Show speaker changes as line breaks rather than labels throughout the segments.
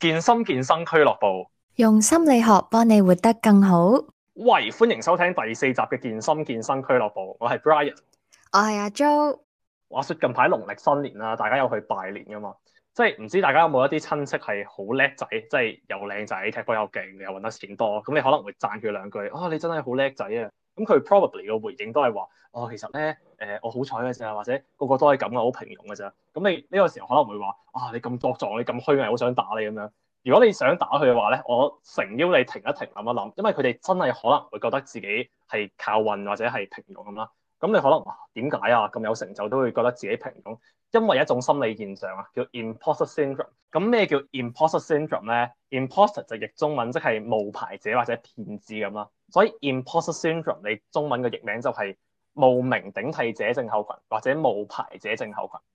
健身健身俱樂部，
用心理學幫你活得更好。
喂，歡迎收聽第四集嘅健身健身俱樂部，我係 Bryan，我係阿、啊、Jo。話說近排農曆新年啦、啊，大家有去拜年噶嘛？即係唔知大家有冇一啲親戚係好叻仔，即係又靚仔，踢波又勁，你又搵得錢多，咁你可能會讚佢兩句。啊、哦，你真係好叻仔啊！咁佢 probably 嘅回應都係話，哦，其實咧，誒、呃，我好彩嘅啫，或者個個都係咁嘅，好平庸嘅咋。」咁你呢個時候可能會話，啊，你咁作狀，你咁虛偽，好想打你咁樣。如果你想打佢嘅話咧，我誠邀你停一停，諗一諗，因為佢哋真係可能會覺得自己係靠運或者係平庸咁啦。咁你可能點解啊？咁、啊、有成就都會覺得自己平庸，因為一種心理現象啊，叫 imposter syndrome。咁咩叫 imposter syndrome 咧？imposter 就譯中文即係冒牌者或者騙子咁啦。所以 imposter syndrome 你中文個譯名就係冒名頂替者症候群或者冒牌者症候群。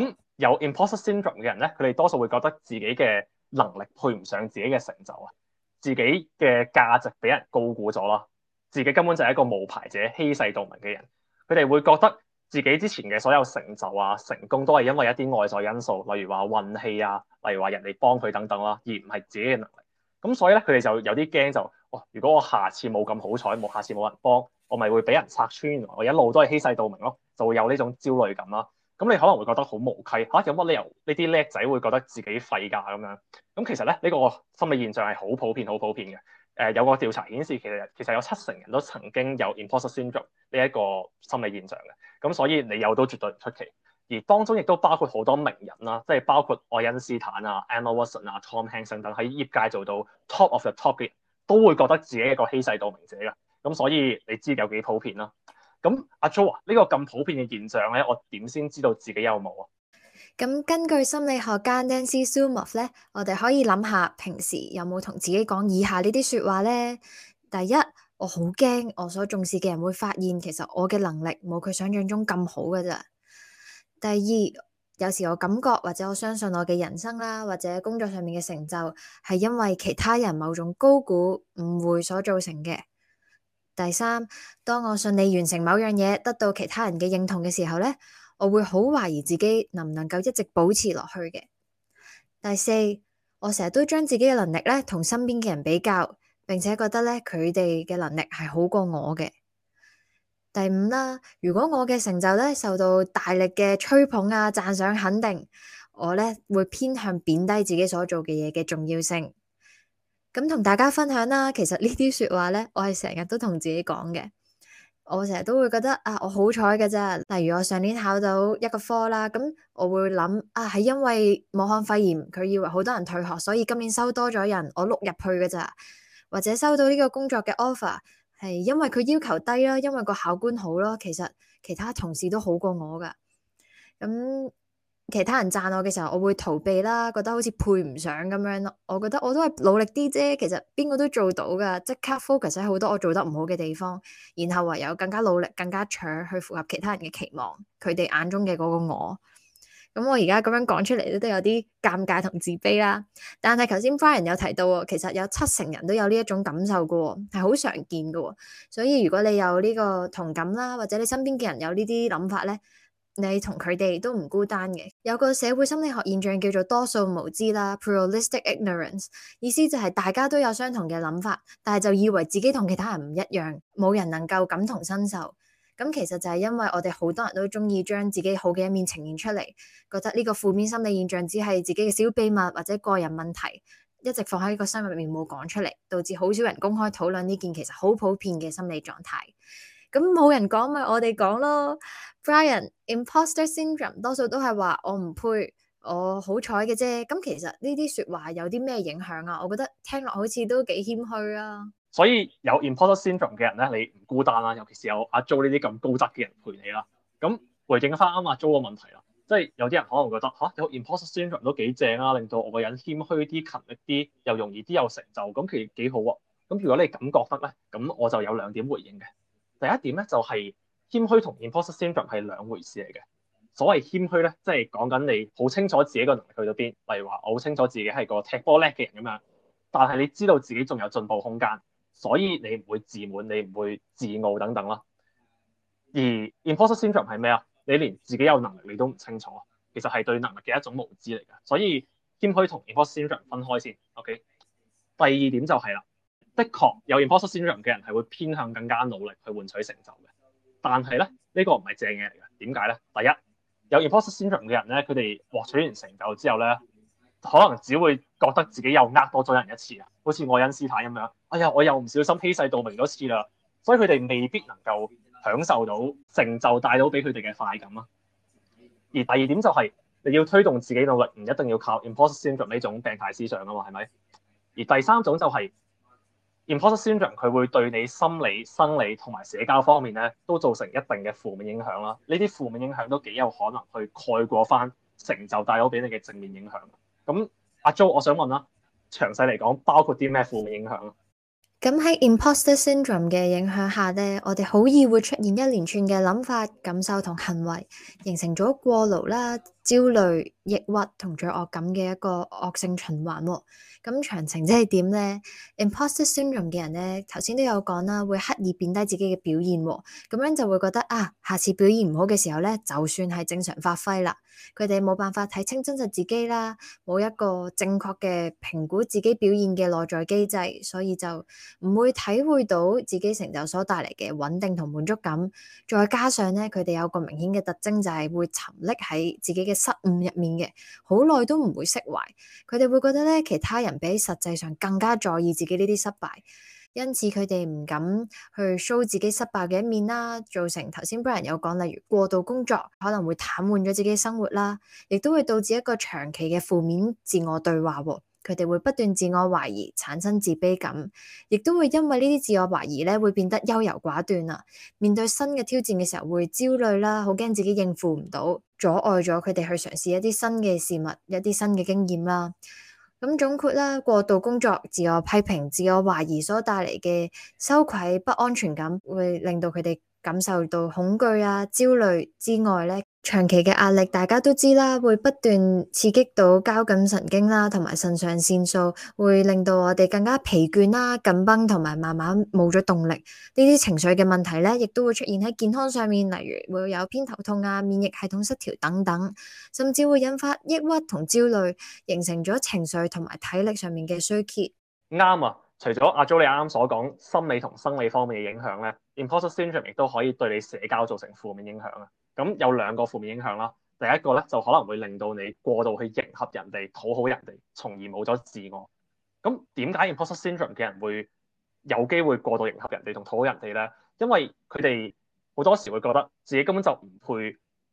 咁有 imposter syndrome 嘅人咧，佢哋多數會覺得自己嘅能力配唔上自己嘅成就啊，自己嘅價值俾人高估咗咯，自己根本就係一個冒牌者欺世盜名嘅人。佢哋會覺得自己之前嘅所有成就啊、成功都係因為一啲外在因素，例如話運氣啊，例如話人哋幫佢等等啦、啊，而唔係自己嘅能力。咁所以咧，佢哋就有啲驚就：哇、哦！如果我下次冇咁好彩，冇下次冇人幫，我咪會俾人拆穿、啊，我一路都係欺世盜名咯、啊，就會有呢種焦慮感啦、啊。咁你可能會覺得好無稽吓、啊，有乜理由呢啲叻仔會覺得自己廢㗎咁樣？咁其實咧，呢、這個心理現象係好普遍、好普遍嘅。誒、呃、有個調查顯示，其實其實有七成人都曾經有 imposter syndrome 呢一個心理現象嘅，咁所以你有都絕對唔出奇。而當中亦都包括好多名人啦、啊，即係包括愛因斯坦啊、Emma Watson 啊、Tom Hanks 等等，喺業界做到 top of the top 都會覺得自己一個欺世盜名者嘅。咁所以你知有幾普遍啦。咁阿 Jo 啊，呢、啊啊這個咁普遍嘅現象咧，我點先知道自己有冇啊？
咁根據心理學家 Nancy Sumov 咧，我哋可以諗下平時有冇同自己講以下呢啲說話咧？第一，我好驚我所重視嘅人會發現，其實我嘅能力冇佢想象中咁好嘅咋。第二，有時我感覺或者我相信我嘅人生啦，或者工作上面嘅成就係因為其他人某種高估誤會所造成嘅。第三，當我順利完成某樣嘢，得到其他人嘅認同嘅時候咧。我會好懷疑自己能唔能夠一直保持落去嘅。第四，我成日都將自己嘅能力咧同身邊嘅人比較，並且覺得咧佢哋嘅能力係好過我嘅。第五啦，如果我嘅成就咧受到大力嘅吹捧啊、讚賞肯定，我咧會偏向貶低自己所做嘅嘢嘅重要性。咁、嗯、同大家分享啦，其實呢啲說話咧，我係成日都同自己講嘅。我成日都會覺得啊，我好彩嘅啫。例如我上年考到一個科啦，咁我會諗啊，係因為武漢肺炎，佢以為好多人退學，所以今年收多咗人，我碌入去嘅咋。或者收到呢個工作嘅 offer，係因為佢要求低囉，因為個考官好咯。其實其他同事都好過我噶。咁。其他人讚我嘅時候，我會逃避啦，覺得好似配唔上咁樣咯。我覺得我都係努力啲啫，其實邊個都做到㗎。即刻 focus 喺好多我做得唔好嘅地方，然後唯有更加努力、更加搶去符合其他人嘅期望，佢哋眼中嘅嗰個我。咁我而家咁樣講出嚟都都有啲尷尬同自卑啦。但係頭先花人有提到，其實有七成人都有呢一種感受㗎，係好常見㗎。所以如果你有呢個同感啦，或者你身邊嘅人有呢啲諗法咧。你同佢哋都唔孤單嘅，有個社會心理學現象叫做多數無知啦 p u r a l i s t i c ignorance），意思就係大家都有相同嘅諗法，但係就以為自己同其他人唔一樣，冇人能夠感同身受。咁其實就係因為我哋好多人都中意將自己好嘅一面呈現出嚟，覺得呢個負面心理現象只係自己嘅小秘密或者個人問題，一直放喺個心入面冇講出嚟，導致好少人公開討論呢件其實好普遍嘅心理狀態。咁冇人講咪我哋講咯。Brian, Imposter Syndrome 多數都係話我唔配，我好彩嘅啫。咁其實呢啲說話有啲咩影響啊？我覺得聽落好似都幾謙虛啊。
所以有 Imposter Syndrome 嘅人咧，你唔孤單啦，尤其是有阿 Jo 呢啲咁高質嘅人陪你啦。咁回應翻啱阿 Jo 嘅問題啦，即係有啲人可能覺得吓、啊、有 Imposter Syndrome 都幾正啊，令到我個人謙虛啲、勤力啲，又容易啲有成就，咁其實幾好啊。咁如果你咁覺得咧，咁我就有兩點回應嘅。第一點咧就係、是。謙虛同 imposter syndrome 係兩回事嚟嘅。所謂謙虛咧，即係講緊你好清楚自己個能力去到邊，例如話我好清楚自己係個踢波叻嘅人咁樣，但係你知道自己仲有進步空間，所以你唔會自滿，你唔會自傲等等咯。而 imposter syndrome 係咩啊？你連自己有能力你都唔清楚，其實係對能力嘅一種無知嚟嘅。所以謙虛同 imposter syndrome 分開先。OK，第二點就係啦，的確有 imposter syndrome 嘅人係會偏向更加努力去換取成就嘅。但係咧，這個、呢個唔係正嘢嚟㗎。點解咧？第一，有 imposter syndrome 嘅人咧，佢哋獲取完成就之後咧，可能只會覺得自己又呃多咗人一次啊，好似愛因斯坦咁樣。哎呀，我又唔小心欺世盜名咗一次啦，所以佢哋未必能夠享受到成就帶到俾佢哋嘅快感啊。而第二點就係、是、你要推動自己努力，唔一定要靠 imposter syndrome 呢種病態思想㗎嘛，係咪？而第三種就係、是。Imposter syndrome 佢會對你心理、生理同埋社交方面咧，都造成一定嘅負面影響啦。呢啲負面影響都幾有可能去蓋過翻成就帶到俾你嘅正面影響。咁、嗯、阿 Jo，我想問啦、啊，詳細嚟講，包括啲咩負面影響？
咁喺 imposter syndrome 嘅影響下咧，我哋好易會出現一連串嘅諗法、感受同行為，形成咗過勞啦。焦慮、抑鬱同罪惡感嘅一個惡性循環喎、哦。咁詳情即係點呢？Imposter Syndrome 嘅人呢，頭先都有講啦，會刻意貶低自己嘅表現、哦，咁樣就會覺得啊，下次表現唔好嘅時候呢，就算係正常發揮啦。佢哋冇辦法睇清真實自己啦，冇一個正確嘅評估自己表現嘅內在機制，所以就唔會體會到自己成就所帶嚟嘅穩定同滿足感。再加上呢，佢哋有個明顯嘅特徵就係會沉溺喺自己嘅。失誤入面嘅，好耐都唔會釋懷。佢哋會覺得咧，其他人比實際上更加在意自己呢啲失敗，因此佢哋唔敢去 show 自己失敗嘅一面啦。造成頭先 Brian 有講，例如過度工作可能會癱瘓咗自己生活啦，亦都會導致一個長期嘅負面自我對話。佢哋會不斷自我懷疑，產生自卑感，亦都會因為呢啲自我懷疑咧，會變得優柔寡斷啦。面對新嘅挑戰嘅時候，會焦慮啦，好驚自己應付唔到。阻礙咗佢哋去嘗試一啲新嘅事物，一啲新嘅經驗啦。咁總括啦，過度工作、自我批評、自我懷疑所帶嚟嘅羞愧、不安全感，會令到佢哋。感受到恐懼啊、焦慮之外咧，長期嘅壓力，大家都知啦，會不斷刺激到交感神經啦、啊，同埋腎上腺素，會令到我哋更加疲倦啦、啊、緊繃同埋慢慢冇咗動力。呢啲情緒嘅問題咧，亦都會出現喺健康上面，例如會有偏頭痛啊、免疫系統失調等等，甚至會引發抑鬱同焦慮，形成咗情緒同埋體力上面嘅衰竭。
啱啊！除咗阿 Jo 你啱啱所講心理同生理方面嘅影響咧，i m p o s t e syndrome 亦都可以對你社交造成負面影響啊！咁有兩個負面影響啦，第一個咧就可能會令到你過度去迎合人哋、討好人哋，從而冇咗自我。咁點解 i m p o s t e syndrome 嘅人會有機會過度迎合人哋同討好人哋咧？因為佢哋好多時會覺得自己根本就唔配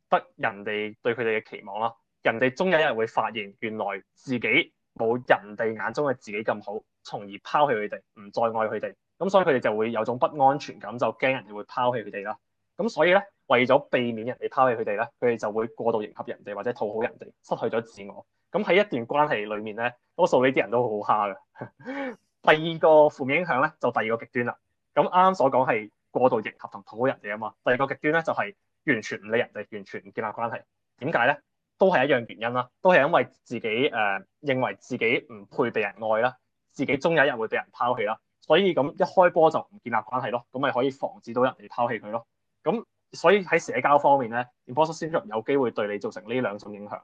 得人哋對佢哋嘅期望啦。人哋終有一日會發現原來自己冇人哋眼中嘅自己咁好。從而拋棄佢哋，唔再愛佢哋，咁所以佢哋就會有種不安全感，就驚人哋會拋棄佢哋啦。咁所以咧，為咗避免人哋拋棄佢哋咧，佢哋就會過度迎合人哋或者討好人哋，失去咗自我。咁喺一段關係裏面咧，多數呢啲人都好蝦嘅。 第二個負面影響咧，就第二個極端啦。咁啱啱所講係過度迎合同討好人哋啊嘛。第二個極端咧就係、是、完全唔理人哋，完全唔建立關係。點解咧？都係一樣原因啦，都係因為自己誒、呃、認為自己唔配被人愛啦。自己終有一日會被人拋棄啦，所以咁一開波就唔建立關係咯，咁咪可以防止到人哋拋棄佢咯。咁所以喺社交方面咧，imposter syndrome 有機會對你造成呢兩種影響。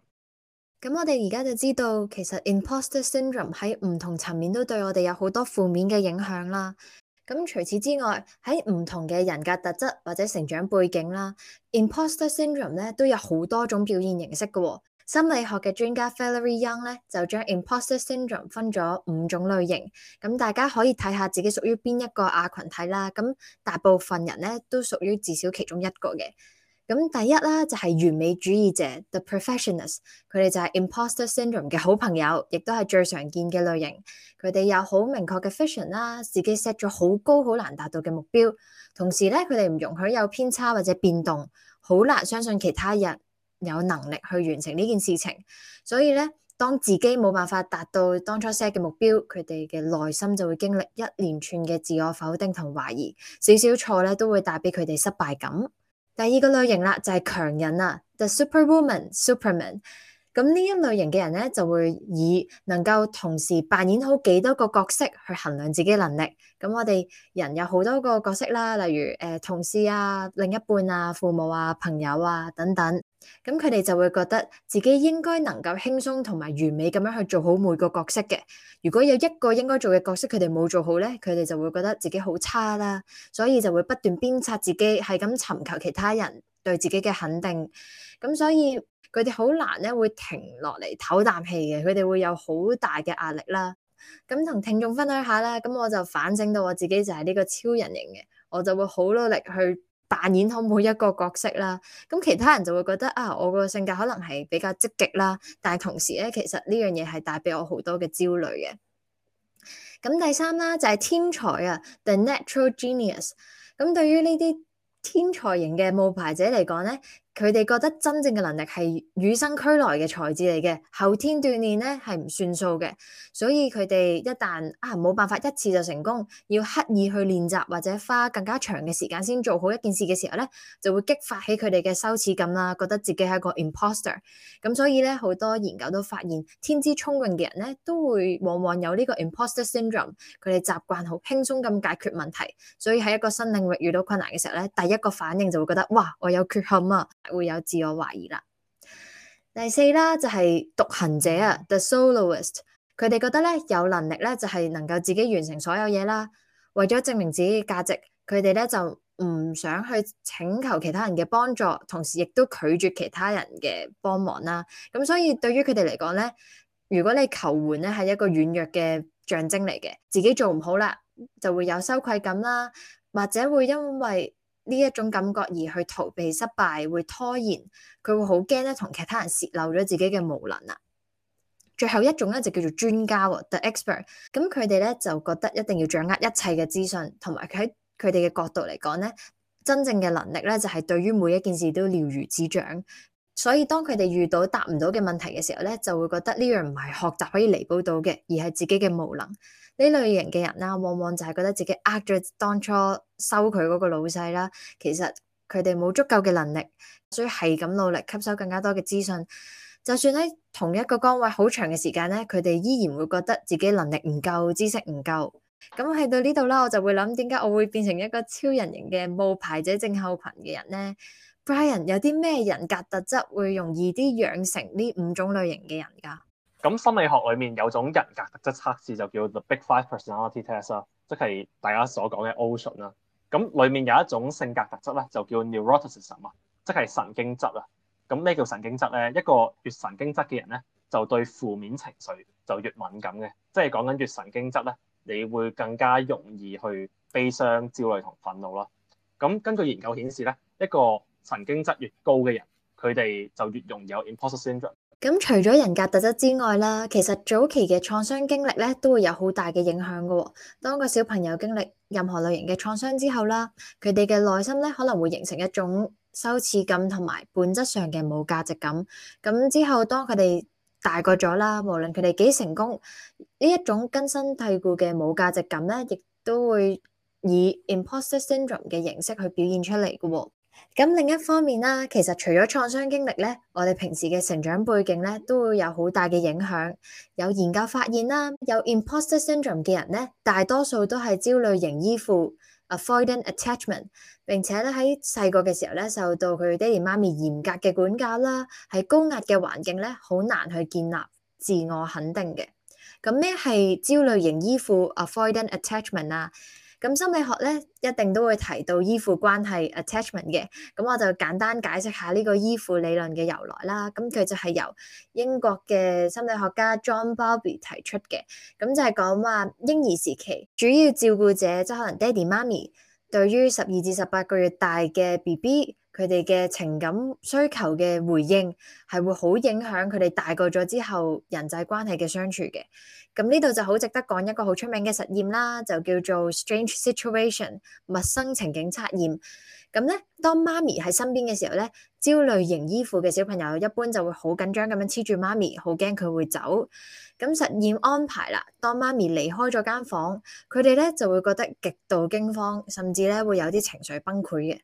咁我哋而家就知道，其實 imposter syndrome 喺唔同層面都對我哋有好多負面嘅影響啦。咁除此之外，喺唔同嘅人格特質或者成長背景啦，imposter syndrome 咧都有好多種表現形式嘅喎、哦。心理學嘅專家 Valerie Young 咧就將 Imposter Syndrome 分咗五種類型，咁大家可以睇下自己屬於邊一個亞、啊、群體啦。咁大部分人咧都屬於至少其中一個嘅。咁第一啦就係、是、完美主義者 The Professionals，佢哋就係 Imposter Syndrome 嘅好朋友，亦都係最常見嘅類型。佢哋有好明確嘅 vision 啦，自己 set 咗好高好難達到嘅目標，同時咧佢哋唔容許有偏差或者變動，好難相信其他人。有能力去完成呢件事情，所以咧，當自己冇辦法達到當初 set 嘅目標，佢哋嘅內心就會經歷一連串嘅自我否定同懷疑，少少錯咧都會帶俾佢哋失敗感。第二個類型啦，就係強人啊，The Superwoman, Superman。咁呢一類型嘅人咧，就會以能夠同時扮演好幾多個角色去衡量自己能力。咁我哋人有好多個角色啦，例如誒、呃、同事啊、另一半啊、父母啊、朋友啊等等。咁佢哋就會覺得自己應該能夠輕鬆同埋完美咁樣去做好每個角色嘅。如果有一個應該做嘅角色佢哋冇做好咧，佢哋就會覺得自己好差啦。所以就會不斷鞭策自己，係咁尋求其他人對自己嘅肯定。咁所以佢哋好難咧會停落嚟唞啖氣嘅。佢哋會有好大嘅壓力啦。咁同聽眾分享下啦。咁我就反省到我自己就係呢個超人型嘅，我就會好努力去。扮演好每一個角色啦，咁其他人就會覺得啊，我個性格可能係比較積極啦，但係同時咧，其實呢樣嘢係帶俾我好多嘅焦慮嘅。咁第三啦，就係天才啊，the natural genius。咁對於呢啲天才型嘅冒牌者嚟講咧。佢哋覺得真正嘅能力係與生俱來嘅才智嚟嘅，後天鍛鍊咧係唔算數嘅。所以佢哋一旦啊冇辦法一次就成功，要刻意去練習或者花更加長嘅時間先做好一件事嘅時候咧，就會激發起佢哋嘅羞恥感啦，覺得自己係個 imposter。咁所以咧，好多研究都發現，天資聰穎嘅人咧都會往往有呢個 imposter syndrome。佢哋習慣好輕鬆咁解決問題，所以喺一個新領域遇到困難嘅時候咧，第一個反應就會覺得哇，我有缺陷啊！會有自我懷疑啦。第四啦，就係獨行者啊，The Soloist。佢哋覺得咧有能力咧就係能夠自己完成所有嘢啦。為咗證明自己嘅價值，佢哋咧就唔想去請求其他人嘅幫助，同時亦都拒絕其他人嘅幫忙啦。咁所以對於佢哋嚟講咧，如果你求援咧係一個軟弱嘅象徵嚟嘅，自己做唔好啦，就會有羞愧感啦，或者會因為呢一種感覺而去逃避失敗，會拖延，佢會好驚咧，同其他人泄漏咗自己嘅無能啊。最後一種咧就叫做專家喎，the expert。咁佢哋咧就覺得一定要掌握一切嘅資訊，同埋喺佢哋嘅角度嚟講咧，真正嘅能力咧就係對於每一件事都了如指掌。所以當佢哋遇到答唔到嘅問題嘅時候咧，就會覺得呢樣唔係學習可以彌補到嘅，而係自己嘅無能。呢類型嘅人啦，往往就係覺得自己呃咗當初收佢嗰個老細啦。其實佢哋冇足夠嘅能力，所以係咁努力吸收更加多嘅資訊。就算喺同一個崗位好長嘅時間咧，佢哋依然會覺得自己能力唔夠，知識唔夠。咁去到呢度啦，我就會諗點解我會變成一個超人型嘅冒牌者症候群嘅人呢？Brian，有啲咩人格特質會容易啲養成呢五種類型嘅人㗎？
咁心理學裏面有種人格特質測試就叫 The Big Five Personality Test 啦，即係大家所講嘅 Ocean 啦。咁裡面有一種性格特質咧，就叫 Neuroticism 啊，即係神經質啊。咁咩叫神經質咧？一個越神經質嘅人咧，就對負面情緒就越敏感嘅，即係講緊越神經質咧，你會更加容易去悲傷、焦慮同憤怒咯。咁根據研究顯示咧，一個神經質越高嘅人，佢哋就越擁有 Imposter Syndrome。
咁除咗人格特質之外啦，其實早期嘅創傷經歷呢都會有好大嘅影響㗎喎。當個小朋友經歷任何類型嘅創傷之後啦，佢哋嘅內心呢可能會形成一種羞恥感同埋本質上嘅冇價值感。咁之後當佢哋大個咗啦，無論佢哋幾成功，呢一種根深蒂固嘅冇價值感呢，亦都會以 Imposter Syndrome 嘅形式去表現出嚟㗎喎。咁另一方面啦，其實除咗創傷經歷咧，我哋平時嘅成長背景咧，都會有好大嘅影響。有研究發現啦，有 Imposter Syndrome 嘅人咧，大多數都係焦慮型依附，Avoidant Attachment，並且咧喺細個嘅時候咧，受到佢爹哋媽咪嚴格嘅管教啦，喺高壓嘅環境咧，好難去建立自我肯定嘅。咁咩係焦慮型依附，Avoidant Attachment 啊？咁心理學咧，一定都會提到依附關係 attachment 嘅，咁我就簡單解釋下呢個依附理論嘅由來啦。咁佢就係由英國嘅心理學家 John Bowlby 提出嘅，咁就係講話嬰兒時期主要照顧者，即可能爹哋媽咪對於十二至十八個月大嘅 BB，佢哋嘅情感需求嘅回應係會好影響佢哋大個咗之後人際關係嘅相處嘅。咁呢度就好值得講一個好出名嘅實驗啦，就叫做 Strange Situation 陌生情景測驗。咁咧，當媽咪喺身邊嘅時候咧，焦慮型依附嘅小朋友一般就會好緊張咁樣黐住媽咪，好驚佢會走。咁實驗安排啦，當媽咪離開咗間房，佢哋咧就會覺得極度驚慌，甚至咧會有啲情緒崩潰嘅。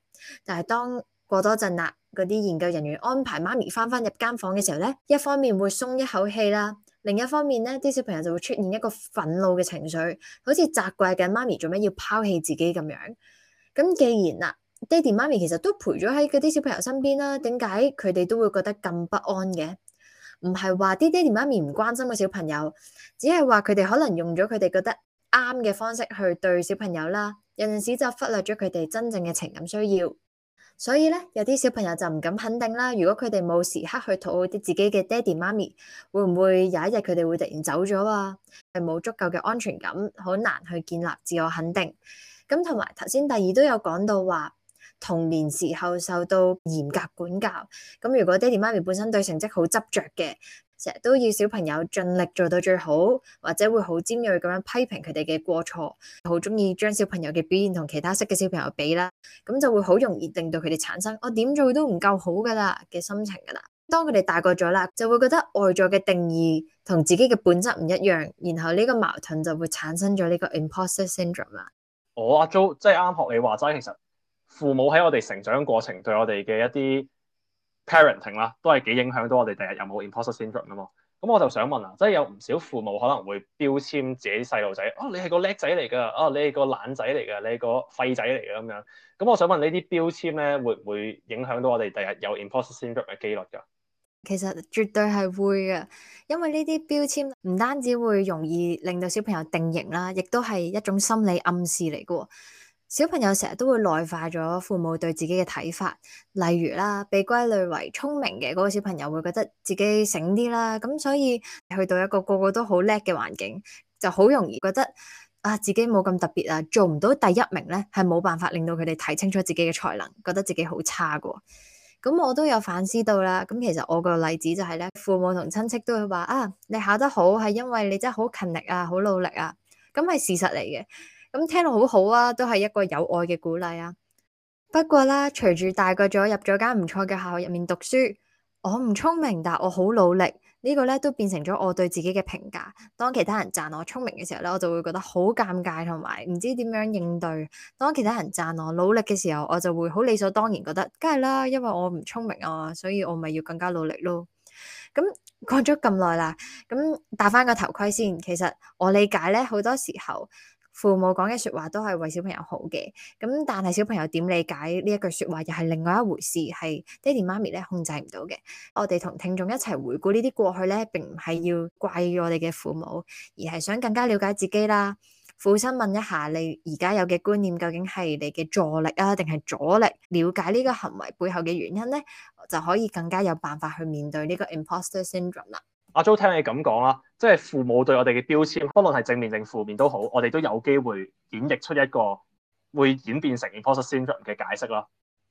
但係當過多陣啦，嗰啲研究人員安排媽咪翻返入間房嘅時候咧，一方面會鬆一口氣啦，另一方面咧啲小朋友就會出現一個憤怒嘅情緒，好似責怪緊媽咪做咩要拋棄自己咁樣。咁既然啦，啊，爹哋媽咪其實都陪咗喺嗰啲小朋友身邊啦，點解佢哋都會覺得咁不安嘅？唔係話啲爹哋媽咪唔關心個小朋友，只係話佢哋可能用咗佢哋覺得啱嘅方式去對小朋友啦，有陣時就忽略咗佢哋真正嘅情感需要。所以咧，有啲小朋友就唔敢肯定啦。如果佢哋冇時刻去討好啲自己嘅爹哋媽咪，會唔會有一日佢哋會突然走咗啊？係冇足夠嘅安全感，好難去建立自我肯定。咁同埋頭先第二都有講到話，童年時候受到嚴格管教。咁如果爹哋媽咪本身對成績好執着嘅。成日都要小朋友盡力做到最好，或者會好尖鋭咁樣批評佢哋嘅過錯，好中意將小朋友嘅表現同其他識嘅小朋友比啦，咁就會好容易令到佢哋產生我點、哦、做都唔夠好噶啦嘅心情噶啦。當佢哋大個咗啦，就會覺得外在嘅定義同自己嘅本質唔一樣，然後呢個矛盾就會產生咗呢個 imposter syndrome 啦。
我阿 Jo 即係啱學你話齋，其實父母喺我哋成長過程對我哋嘅一啲 parenting 啦，Parent ing，都係幾影響到我哋第日有冇 imposter syndrome 啊嘛。咁我就想問啊，即係有唔少父母可能會標籤自己細路仔，哦，你係個叻仔嚟噶，哦，你係個懶仔嚟噶，你係個廢仔嚟噶咁樣。咁我想問呢啲標籤咧，會唔會影響到我哋第日有 imposter syndrome 嘅機率噶？
其實絕對係會嘅，因為呢啲標籤唔單止會容易令到小朋友定型啦，亦都係一種心理暗示嚟過。小朋友成日都會內化咗父母對自己嘅睇法，例如啦，被歸類為聰明嘅嗰個小朋友會覺得自己醒啲啦，咁所以去到一個個個都好叻嘅環境，就好容易覺得啊自己冇咁特別啊，做唔到第一名咧，係冇辦法令到佢哋睇清楚自己嘅才能，覺得自己好差噶。咁我都有反思到啦，咁其實我個例子就係、是、咧，父母同親戚都會話啊，你考得好係因為你真係好勤力啊，好努力啊，咁係事實嚟嘅。咁聽落好好啊，都係一個有愛嘅鼓勵啊。不過啦，隨住大個咗，入咗間唔錯嘅學校入面讀書，我唔聰明，但係我好努力。這個、呢個咧都變成咗我對自己嘅評價。當其他人讚我聰明嘅時候咧，我就會覺得好尷尬，同埋唔知點樣應對。當其他人讚我努力嘅時候，我就會好理所當然覺得，梗係啦，因為我唔聰明啊，所以我咪要更加努力咯。咁講咗咁耐啦，咁戴翻個頭盔先。其實我理解咧，好多時候。父母講嘅説話都係為小朋友好嘅，咁但係小朋友點理解呢一句説話又係另外一回事，係爹哋媽咪咧控制唔到嘅。我哋同聽眾一齊回顧呢啲過去咧，並唔係要怪我哋嘅父母，而係想更加了解自己啦。父親問一下你而家有嘅觀念究竟係你嘅助力啊，定係阻力？了解呢個行為背後嘅原因咧，就可以更加有辦法去面對呢個 Imposter Syndrome 啦。
阿、啊、Jo 聽你咁講啦，即係父母對我哋嘅標籤，無論係正面定負面都好，我哋都有機會演繹出一個會演變成 imposter syndrome 嘅解釋啦。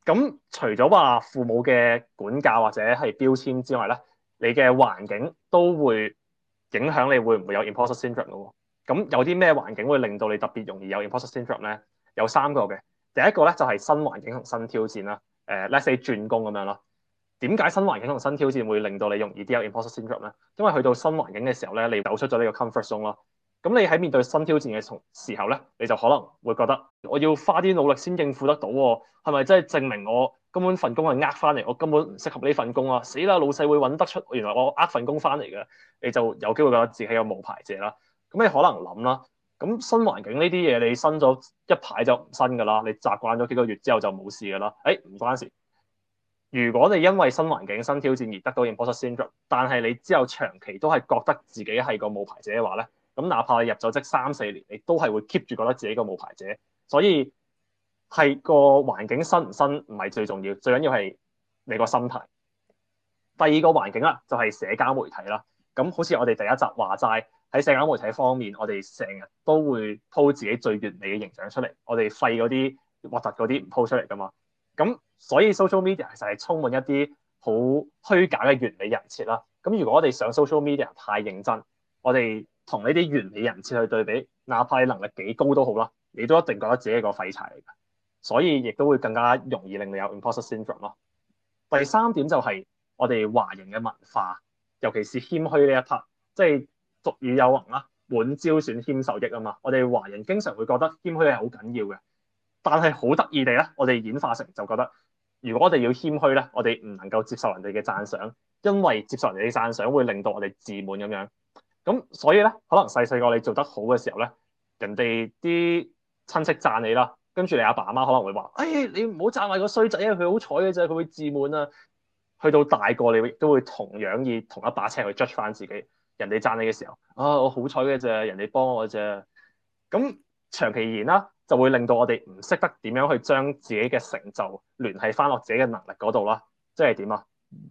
咁除咗話父母嘅管教或者係標籤之外咧，你嘅環境都會影響你會唔會有 imposter syndrome 嘅喎。咁有啲咩環境會令到你特別容易有 imposter syndrome 咧？有三個嘅，第一個咧就係、是、新環境同新挑戰啦。誒、呃、let’s say 轉工咁樣咯。點解新環境同新挑戰會令到你容易有 Imposter Syndrome 咧？因為去到新環境嘅時候咧，你走出咗呢個 comfort zone 咯。咁你喺面對新挑戰嘅從時候咧，你就可能會覺得我要花啲努力先應付得到，啊，係咪真係證明我根本份工係呃翻嚟？我根本唔適合呢份工啊！死啦，老細會揾得出，原來我呃份工翻嚟嘅，你就有機會覺得自己有冇牌借啦。咁你可能諗啦，咁新環境呢啲嘢你新咗一排就唔新噶啦，你習慣咗幾個月之後就冇事噶啦。誒、欸，唔關事。如果你因為新環境、新挑戰而得到 Imposter Syndrome，但係你之後長期都係覺得自己係個冒牌者嘅話咧，咁哪怕你入咗職三四年，你都係會 keep 住覺得自己個冒牌者。所以係個環境新唔新唔係最重要，最緊要係你個心態。第二個環境啦，就係社交媒體啦。咁好似我哋第一集話齋喺社交媒體方面，我哋成日都會 po 自己最完美嘅形象出嚟，我哋廢嗰啲、核突嗰啲唔 po 出嚟噶嘛。咁所以 social media 其實係充滿一啲好虛假嘅完美人設啦。咁如果我哋上 social media 太認真，我哋同呢啲完美人設去對比，哪怕你能力幾高都好啦，你都一定覺得自己係一個廢柴嚟㗎。所以亦都會更加容易令你有 imposter syndrome 咯。第三點就係我哋華人嘅文化，尤其是謙虛呢一 part，即係俗語有言啦，滿招損，謙受益啊嘛。我哋華人經常會覺得謙虛係好緊要嘅。但係好得意地咧，我哋演化成就覺得，如果我哋要謙虛咧，我哋唔能夠接受人哋嘅讚賞，因為接受人哋嘅讚賞會令到我哋自滿咁樣。咁所以咧，可能細細個你做得好嘅時候咧，人哋啲親戚讚你啦，跟住你阿爸阿媽可能會話：誒、哎，你唔好讚壞個衰仔，因為佢好彩嘅啫，佢會自滿啊。去到大個你亦都會同樣以同一把尺去 judge 翻自己。人哋讚你嘅時候，啊，我好彩嘅啫，人哋幫我啫。咁長期而言啦。就會令到我哋唔識得點樣去將自己嘅成就聯繫翻落自己嘅能力嗰度啦，即係點啊？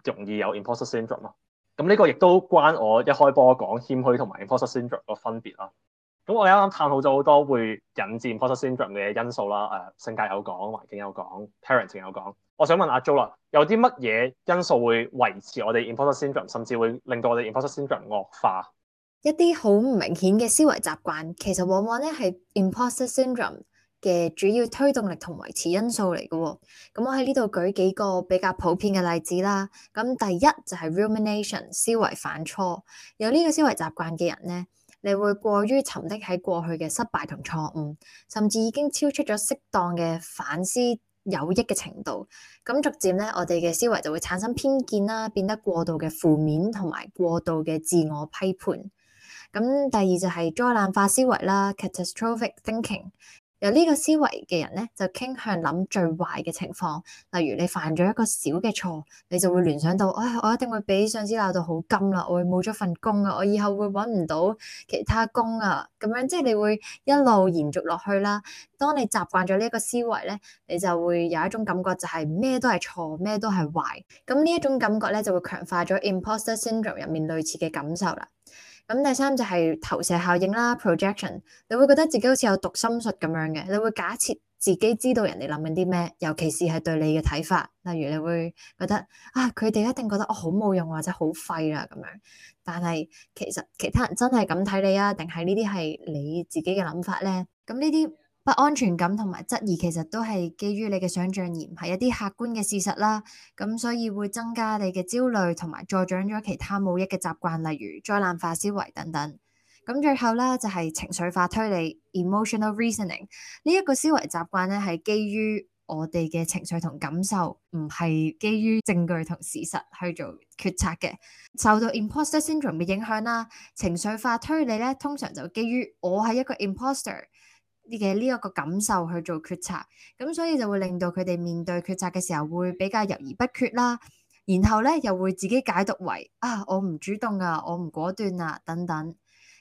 容易有 imposter syndrome 咯。咁呢個亦都關我一開波講謙虛同埋 imposter syndrome 個分別啦。咁我哋啱啱探討咗好多會引致 imposter syndrome 嘅因素啦。誒、呃，性格有講，環境有講，parent 有講。我想問阿、啊、Jo 了，有啲乜嘢因素會維持我哋 imposter syndrome，甚至會令到我哋 imposter syndrome 惡化？
一啲好唔明顯嘅思維習慣，其實往往咧係 Imposter Syndrome 嘅主要推動力同維持因素嚟嘅哦。咁我喺呢度舉幾個比較普遍嘅例子啦。咁第一就係 rumination 思維反芻，有呢個思維習慣嘅人咧，你會過於沉溺喺過去嘅失敗同錯誤，甚至已經超出咗適當嘅反思有益嘅程度。咁逐漸咧，我哋嘅思維就會產生偏見啦，變得過度嘅負面同埋過度嘅自我批判。咁第二就係災難化思維啦，catastrophic thinking。有呢個思維嘅人咧，就傾向諗最壞嘅情況，例如你犯咗一個小嘅錯，你就會聯想到，唉、哎，我一定會俾上司鬧到好甘啦，我會冇咗份工啊，我以後會揾唔到其他工啊，咁樣即係你會一路延續落去啦。當你習慣咗呢個思維咧，你就會有一種感覺，就是，就係咩都係錯，咩都係壞。咁呢一種感覺咧，就會強化咗 imposter syndrome 入面類似嘅感受啦。咁第三就係、是、投射效應啦，projection。你會覺得自己好似有讀心術咁樣嘅，你會假設自己知道人哋諗緊啲咩，尤其是係對你嘅睇法。例如你會覺得啊，佢哋一定覺得好冇、哦、用或者好廢啦咁樣。但係其實其他人真係咁睇你啊，定係呢啲係你自己嘅諗法呢？咁呢啲。不安全感同埋質疑其實都係基於你嘅想象而唔係一啲客觀嘅事實啦，咁所以會增加你嘅焦慮同埋助長咗其他冇益嘅習慣，例如災難化思維等等。咁最後咧就係情緒化推理 （emotional reasoning）。呢一個思維習慣咧係基於我哋嘅情緒同感受，唔係基於證據同事實去做決策嘅。受到 imposter syndrome 嘅影響啦，情緒化推理咧通常就基於我係一個 imposter。嘅呢一個感受去做決策，咁所以就會令到佢哋面對決策嘅時候會比較猶豫不決啦，然後咧又會自己解讀為啊我唔主動啊，我唔果斷啊等等，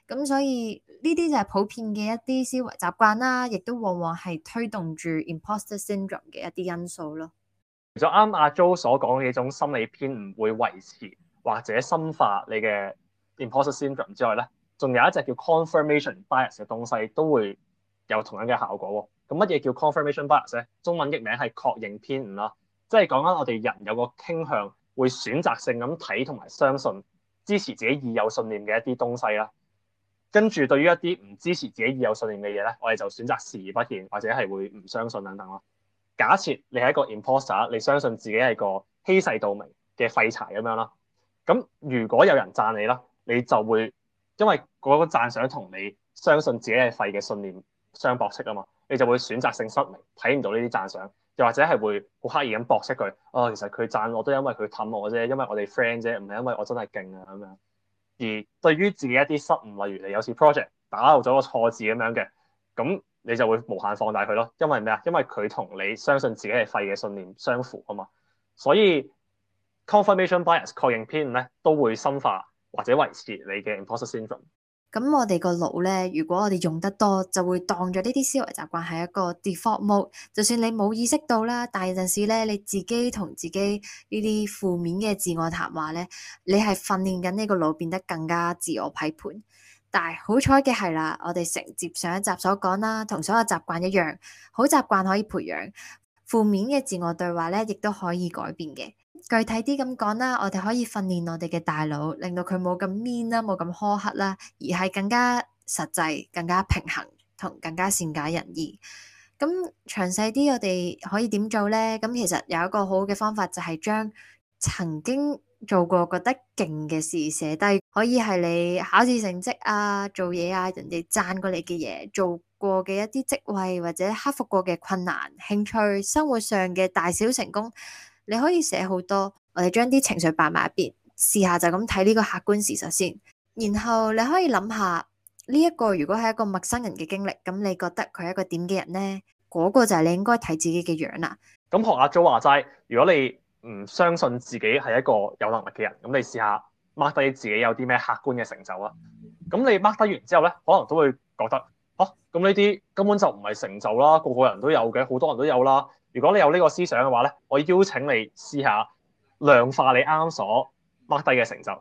咁所以呢啲就係普遍嘅一啲思維習慣啦，亦都往往係推動住 Imposter Syndrome 嘅一啲因素咯。
除咗啱阿 Jo 所講嘅幾種心理偏誤唔會維持或者深化你嘅 Imposter Syndrome 之外咧，仲有一隻叫 confirmation bias 嘅東西都會。有同樣嘅效果喎。咁乜嘢叫 confirmation bias 咧？中文譯名係確認偏誤啦，即係講緊我哋人有個傾向，會選擇性咁睇同埋相信支持自己已有信念嘅一啲東西啦。跟住對於一啲唔支持自己已有信念嘅嘢咧，我哋就選擇視而不見，或者係會唔相信等等咯。假設你係一個 imposter，你相信自己係個欺世盜名嘅廢柴咁樣啦，咁如果有人讚你啦，你就會因為嗰個讚賞同你相信自己係廢嘅信念。相駁斥啊嘛，你就會選擇性失明，睇唔到呢啲讚賞，又或者係會好刻意咁駁斥佢。哦，其實佢讚我都因為佢氹我啫，因為我哋 friend 啫，唔係因為我真係勁啊咁樣。而對於自己一啲失誤，例如你有次 project 打漏咗個錯字咁樣嘅，咁你就會無限放大佢咯。因為咩啊？因為佢同你相信自己係廢嘅信念相符啊嘛。所以 confirmation bias 確認偏誤咧，都會深化或者維持你嘅 imposter syndrome。
咁我哋個腦咧，如果我哋用得多，就會當咗呢啲思維習慣係一個 default mode。就算你冇意識到啦，但係有陣時咧，你自己同自己呢啲負面嘅自我談話咧，你係訓練緊呢個腦變得更加自我批判。但係好彩嘅係啦，我哋承接上一集所講啦，同所有習慣一樣，好習慣可以培養，負面嘅自我對話咧，亦都可以改變嘅。具體啲咁講啦，我哋可以訓練我哋嘅大腦，令到佢冇咁 mean 啦，冇咁苛刻啦，而係更加實際、更加平衡同更加善解人意。咁詳細啲，我哋可以點做呢？咁其實有一個好嘅方法就係將曾經做過覺得勁嘅事寫低，可以係你考試成績啊、做嘢啊、人哋讚過你嘅嘢、做過嘅一啲職位或者克服過嘅困難、興趣、生活上嘅大小成功。你可以寫好多，我哋將啲情緒擺埋一邊，試下就咁睇呢個客觀事實先。然後你可以諗下呢一個如果係一個陌生人嘅經歷，咁你覺得佢係一個點嘅人咧？嗰個就係你應該睇自己嘅樣啦。
咁學阿祖 o 話齋，如果你唔相信自己係一個有能力嘅人，咁你試下 mark 低自己有啲咩客觀嘅成就啦。咁你 mark 低完之後咧，可能都會覺得，啊，咁呢啲根本就唔係成就啦。個個人都有嘅，好多人都有啦。如果你有呢個思想嘅話咧，我邀請你試下量化你啱啱所 mark 低嘅成就。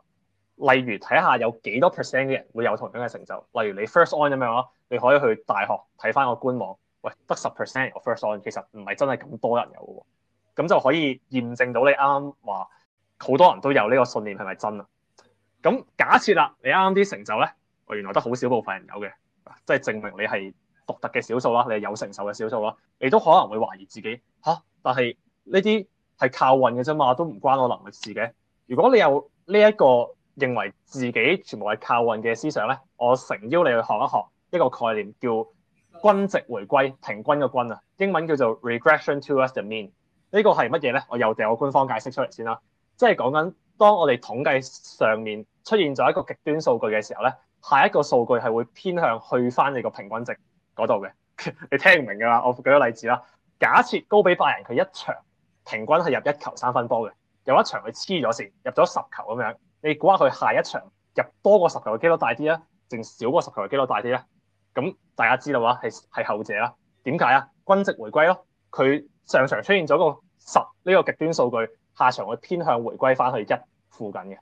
例如睇下有幾多 percent 嘅人會有同樣嘅成就。例如你 first on 咁樣咯，你可以去大學睇翻個官網。喂，得十 percent 我 first on，其實唔係真係咁多人有嘅喎。咁就可以驗證到你啱啱話好多人都有呢個信念係咪真啊？咁假設啦，你啱啱啲成就咧，我原來得好少部分人有嘅，即係證明你係。獨特嘅少數啦，你係有承受嘅少數啦，你都可能會懷疑自己嚇、啊，但係呢啲係靠運嘅啫嘛，都唔關我能力事嘅。如果你有呢一個認為自己全部係靠運嘅思想咧，我誠邀你去學一學一個概念叫均值回歸，平均嘅均啊，英文叫做 regression towards the mean。呢個係乜嘢咧？我又定個官方解釋出嚟先啦，即係講緊當我哋統計上面出現咗一個極端數據嘅時候咧，下一個數據係會偏向去翻你個平均值。度嘅， 你聽唔明㗎啦。我舉個例子啦。假設高比拜仁佢一場平均係入一球三分波嘅，有一場佢黐咗線入咗十球咁樣，你估下佢下一場入多過十球嘅機率大啲啊，定少過十球嘅機率大啲咧？咁大家知道嘛，係係後者啦。點解啊？均值回歸咯。佢上場出現咗個十呢個極端數據，下場會偏向回歸翻去一附近嘅。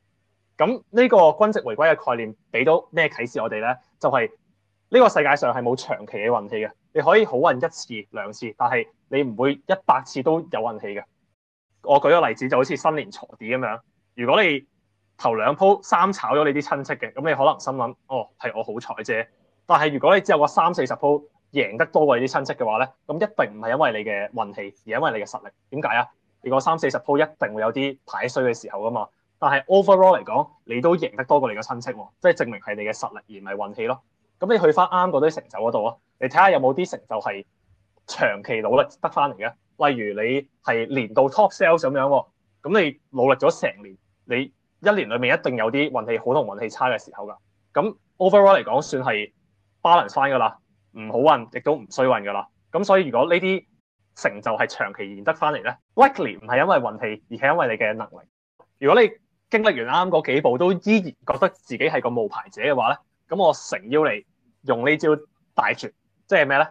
咁呢個均值回歸嘅概念俾到咩啟示我哋咧？就係、是。呢個世界上係冇長期嘅運氣嘅。你可以好運一次兩次，但係你唔會一百次都有運氣嘅。我舉個例子就好似新年鋤 D 咁樣。如果你頭兩鋪三炒咗你啲親戚嘅，咁你可能心諗哦係我好彩啫。但係如果你只有個三四十鋪贏得多過你啲親戚嘅話咧，咁一定唔係因為你嘅運氣，而因為你嘅實力。點解啊？你個三四十鋪一定會有啲牌衰嘅時候㗎嘛。但係 overall 嚟講，你都贏得多過你嘅親戚喎，即係證明係你嘅實力而唔係運氣咯。咁你去翻啱嗰堆成就嗰度啊，你睇下有冇啲成就係長期努力得翻嚟嘅？例如你係年度 top sales 咁樣喎，咁你努力咗成年，你一年裏面一定有啲運氣好同運氣差嘅時候㗎。咁 overall 嚟講算，算係 balance 翻嘅啦，唔好運亦都唔衰運㗎啦。咁所以如果呢啲成就係長期而得翻嚟咧，likely 唔係因為運氣，而係因為你嘅能力。如果你經歷完啱嗰幾步都依然覺得自己係個冒牌者嘅話咧，咁我誠邀你。用呢招大絕，即係咩咧？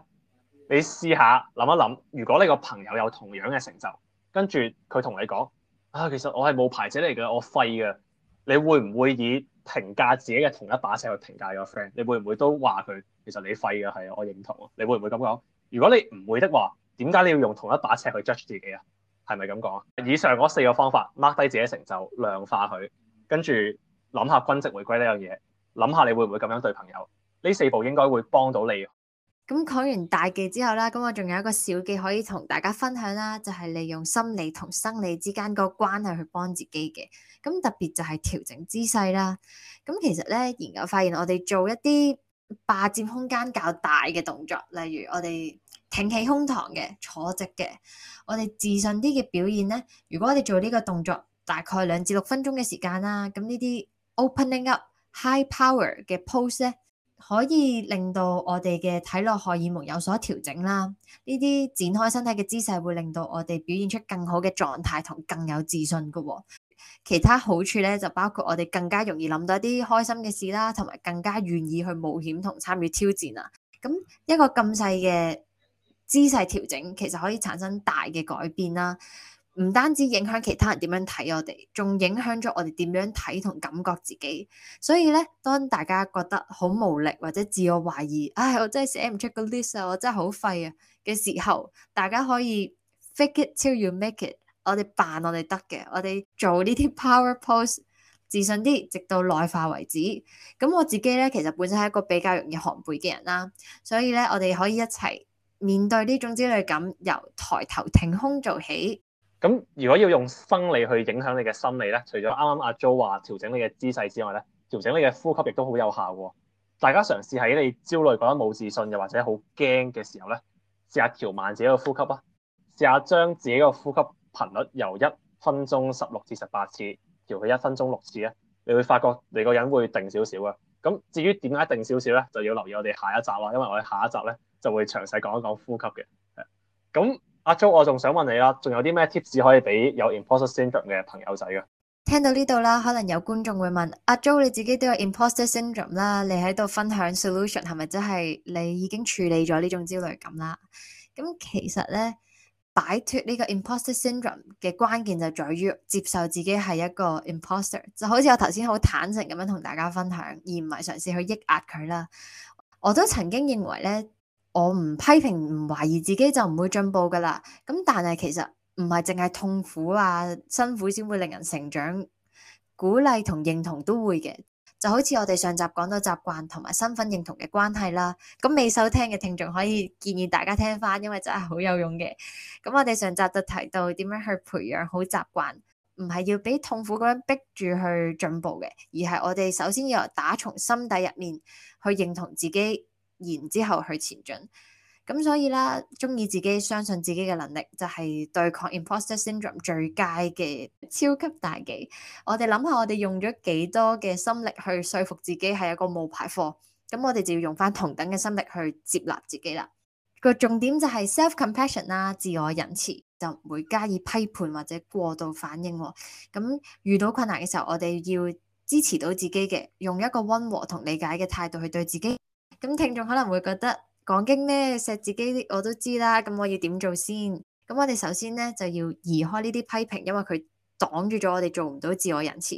你試下諗一諗，如果你個朋友有同樣嘅成就，跟住佢同你講：啊，其實我係冒牌者嚟嘅，我廢嘅，你會唔會以評價自己嘅同一把尺去評價個 friend？你會唔會都話佢其實你廢嘅係我認同啊？你會唔會咁講？如果你唔會的話，點解你要用同一把尺去 judge 自己啊？係咪咁講啊？以上嗰四個方法，mark 低自己成就，量化佢，跟住諗下均值回歸呢樣嘢，諗下你會唔會咁樣對朋友？呢四步應該會幫到你。
咁講完大忌之後啦，咁我仲有一個小技可以同大家分享啦，就係利用心理同生理之間個關係去幫自己嘅。咁特別就係調整姿勢啦。咁其實咧，研究發現我哋做一啲霸佔空間較大嘅動作，例如我哋挺起胸膛嘅、坐直嘅、我哋自信啲嘅表現咧，如果我哋做呢個動作大概兩至六分鐘嘅時間啦，咁呢啲 opening up high power 嘅 pose 咧。可以令到我哋嘅體內荷爾蒙有所調整啦，呢啲展開身體嘅姿勢會令到我哋表現出更好嘅狀態同更有自信嘅喎、哦。其他好處咧就包括我哋更加容易諗到一啲開心嘅事啦，同埋更加願意去冒險同參與挑戰啊。咁一個咁細嘅姿勢調整，其實可以產生大嘅改變啦。唔單止影響其他人點樣睇我哋，仲影響咗我哋點樣睇同感覺自己。所以咧，當大家覺得好無力或者自我懷疑，唉、哎，我真係寫唔出個 list 啊，我真係好廢啊嘅時候，大家可以 fake it till you make it，我哋扮我哋得嘅，我哋做呢啲 power pose，自信啲，直到內化為止。咁我自己咧，其實本身係一個比較容易寒背嘅人啦，所以咧，我哋可以一齊面對呢種之類咁，由抬頭挺胸做起。
咁如果要用生理去影響你嘅心理咧，除咗啱啱阿 Jo 話調整你嘅姿勢之外咧，調整你嘅呼吸亦都好有效喎。大家嘗試喺你焦慮、覺得冇自信又或者好驚嘅時候咧，試下調慢自己嘅呼吸啊，試下將自己個呼吸頻率由一分鐘十六至十八次調去一分鐘六次啊，你會發覺你個人會定少少嘅。咁至於點解定少少咧，就要留意我哋下一集啦，因為我哋下一集咧就會詳細講一講呼吸嘅。係，咁。阿 Jo，、啊、我仲想問你啦，仲有啲咩 tips 可以俾有 imposter syndrome 嘅朋友仔嘅？
聽到呢度啦，可能有觀眾會問：阿、啊、Jo，你自己都有 imposter syndrome 啦，你喺度分享 solution 係咪真係你已經處理咗呢種焦慮感啦？咁其實咧，擺脱呢個 imposter syndrome 嘅關鍵就在於接受自己係一個 imposter，就好似我頭先好坦誠咁樣同大家分享，而唔係嘗試去抑壓佢啦。我都曾經認為咧。我唔批評，唔懷疑自己就唔會進步噶啦。咁但係其實唔係淨係痛苦啊，辛苦先會令人成長，鼓勵同認同都會嘅。就好似我哋上集講到習慣同埋身份認同嘅關係啦。咁未收聽嘅聽眾可以建議大家聽翻，因為真係好有用嘅。咁我哋上集就提到點樣去培養好習慣，唔係要俾痛苦咁樣逼住去進步嘅，而係我哋首先要打從心底入面去認同自己。然之後去前進，咁所以啦，中意自己、相信自己嘅能力，就係、是、對抗 Imposter Syndrome 最佳嘅超級大忌。我哋諗下，我哋用咗幾多嘅心力去説服自己係一個冒牌貨，咁我哋就要用翻同等嘅心力去接納自己啦。個重點就係 Self Compassion 啦，compass ion，自我仁慈，就唔會加以批判或者過度反應。咁遇到困難嘅時候，我哋要支持到自己嘅，用一個溫和同理解嘅態度去對自己。咁聽眾可能會覺得，講經咧，錫自己啲我都知啦，咁我要點做先？咁我哋首先咧就要移開呢啲批評，因為佢擋住咗我哋做唔到自我仁慈。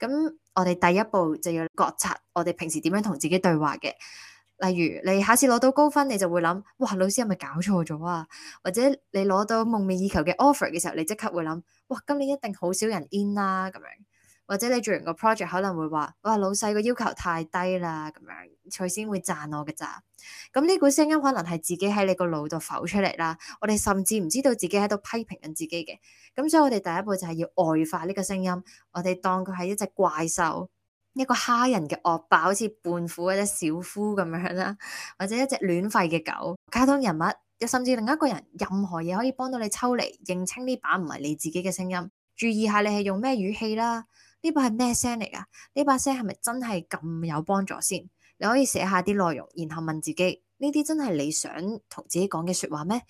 咁我哋第一步就要覺察我哋平時點樣同自己對話嘅。例如你下次攞到高分，你就會諗，哇，老師係咪搞錯咗啊？或者你攞到夢寐以求嘅 offer 嘅時候，你即刻會諗，哇，今年一定好少人 in 啦、啊、咁樣。或者你做完個 project 可能會話，哇，老細個要求太低啦，咁樣佢先會讚我㗎咋。咁呢股聲音可能係自己喺你個腦度浮出嚟啦，我哋甚至唔知道自己喺度批評緊自己嘅。咁所以我哋第一步就係要外化呢個聲音，我哋當佢係一隻怪獸，一個蝦人嘅惡霸，好似胖虎或者小夫咁樣啦，或者一隻亂吠嘅狗、卡通人物，又甚至另一個人，任何嘢可以幫到你抽離，認清呢把唔係你自己嘅聲音。注意下你係用咩語氣啦。呢把係咩聲嚟㗎？呢把聲係咪真係咁有幫助先？你可以寫下啲內容，然後問自己：呢啲真係你想同自己講嘅說話咩？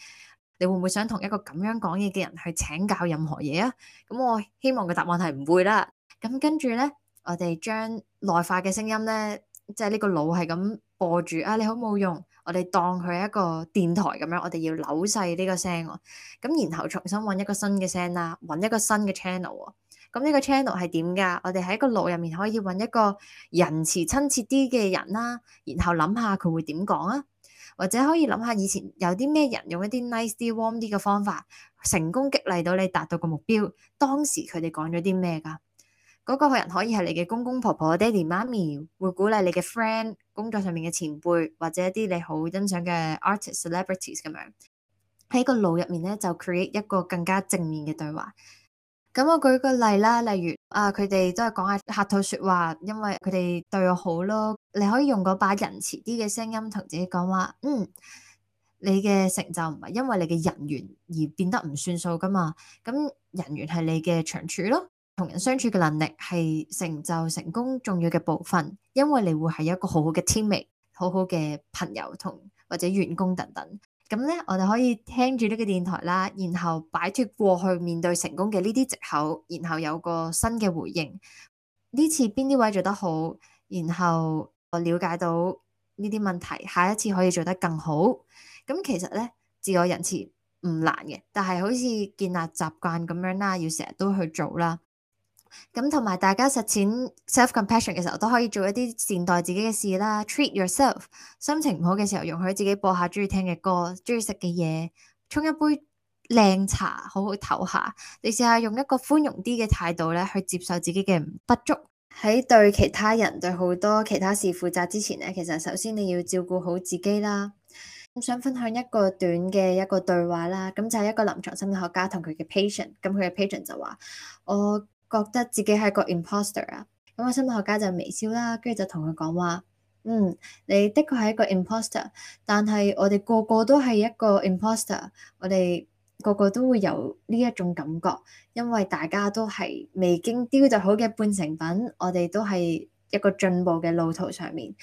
你會唔會想同一個咁樣講嘢嘅人去請教任何嘢啊？咁我希望嘅答案係唔會啦。咁跟住呢，我哋將內化嘅聲音呢，即係呢個腦係咁播住啊，你好冇用。我哋當佢一個電台咁樣，我哋要扭細呢個聲，咁然後重新揾一個新嘅聲啦，揾一個新嘅 channel。咁呢個 channel 係點噶？我哋喺個腦入面可以揾一個仁慈親切啲嘅人啦，啊，然後諗下佢會點講啊，或者可以諗下以前有啲咩人用一啲 nice 啲、warm 啲嘅方法成功激勵到你達到個目標，當時佢哋講咗啲咩噶？嗰、那個人可以係你嘅公公婆婆，婆、爹哋媽咪會鼓勵你嘅 friend、工作上面嘅前輩，或者一啲你好欣賞嘅 artist、celebrities 咁樣喺個腦入面咧，就 create 一個更加正面嘅對話。咁、嗯、我舉個例啦，例如啊，佢哋都係講下客套說話，因為佢哋對我好咯。你可以用嗰把仁慈啲嘅聲音同自己講話，嗯，你嘅成就唔係因為你嘅人緣而變得唔算數噶嘛。咁人緣係你嘅長處咯，同人相處嘅能力係成就成功重要嘅部分，因為你會係一個好 teammate，好嘅 teammate，好好嘅朋友同或者員工等等。咁咧，我哋可以聽住呢個電台啦，然後擺脱過去面對成功嘅呢啲藉口，然後有個新嘅回應。呢次邊啲位做得好，然後我了解到呢啲問題，下一次可以做得更好。咁其實咧，自我仁慈唔難嘅，但係好似建立習慣咁樣啦，要成日都去做啦。咁同埋大家實踐 self compassion 嘅時候，都可以做一啲善待自己嘅事啦。Treat yourself，心情唔好嘅時候，容許自己播下中意聽嘅歌，中意食嘅嘢，沖一杯靚茶，好好唞下。你試下用一個寬容啲嘅態度咧，去接受自己嘅不足。喺對其他人、對好多其他事負責之前呢，其實首先你要照顧好自己啦。咁想分享一個短嘅一個對話啦，咁就係一個臨床心理學家同佢嘅 patient，咁佢嘅 patient 就話我，覺得自己係個 imposter 啊，咁個心理學家就微笑啦，跟住就同佢講話：嗯，你的確係一個 imposter，但係我哋個個都係一個 imposter，我哋個個都會有呢一種感覺，因為大家都係未經雕就好嘅半成品，我哋都係一個進步嘅路途上面。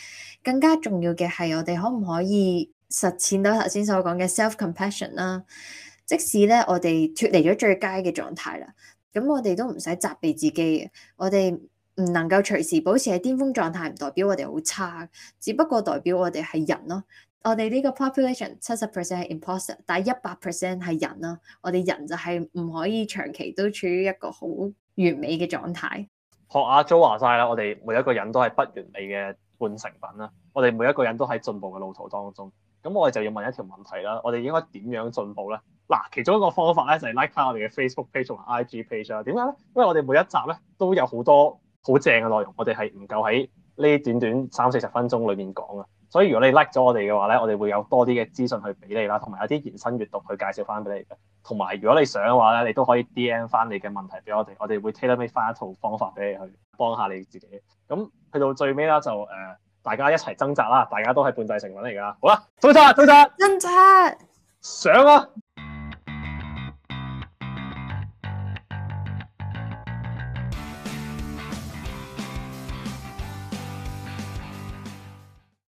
更加重要嘅係，我哋可唔可以實踐到頭先所講嘅 self compassion 啦？Compass ion，即使咧，我哋脫離咗最佳嘅狀態啦。咁我哋都唔使責備自己，我哋唔能夠隨時保持喺巔峰狀態，唔代表我哋好差，只不過代表我哋係人咯、啊。我哋呢個 population 七十 percent 係 imposter，但係一百 percent 係人啦、啊。我哋人就係唔可以長期都處於一個好完美嘅狀態。
學阿 Jo 話晒啦，我哋每一個人都係不完美嘅半成品啦。我哋每一個人都喺進步嘅路途當中。咁我哋就要問一條問題啦，我哋應該點樣進步咧？嗱，其中一個方法咧就係 like 翻我哋嘅 Facebook page 同埋 IG page 啦。點解咧？因為我哋每一集咧都有好多好正嘅內容，我哋係唔夠喺呢短短三四十分鐘裏面講啊。所以如果你 like 咗我哋嘅話咧，我哋會有多啲嘅資訊去俾你啦，同埋有啲延伸閱讀去介紹翻俾你嘅。同埋如果你想嘅話咧，你都可以 DM 翻你嘅問題俾我哋，我哋會 tailor me 翻一套方法俾你去幫下你自己。咁去到最尾啦，就誒、呃、大家一齊掙扎啦，大家都係半製成品嚟
㗎。好啦，早晒，早晒，欣卓索，上啊！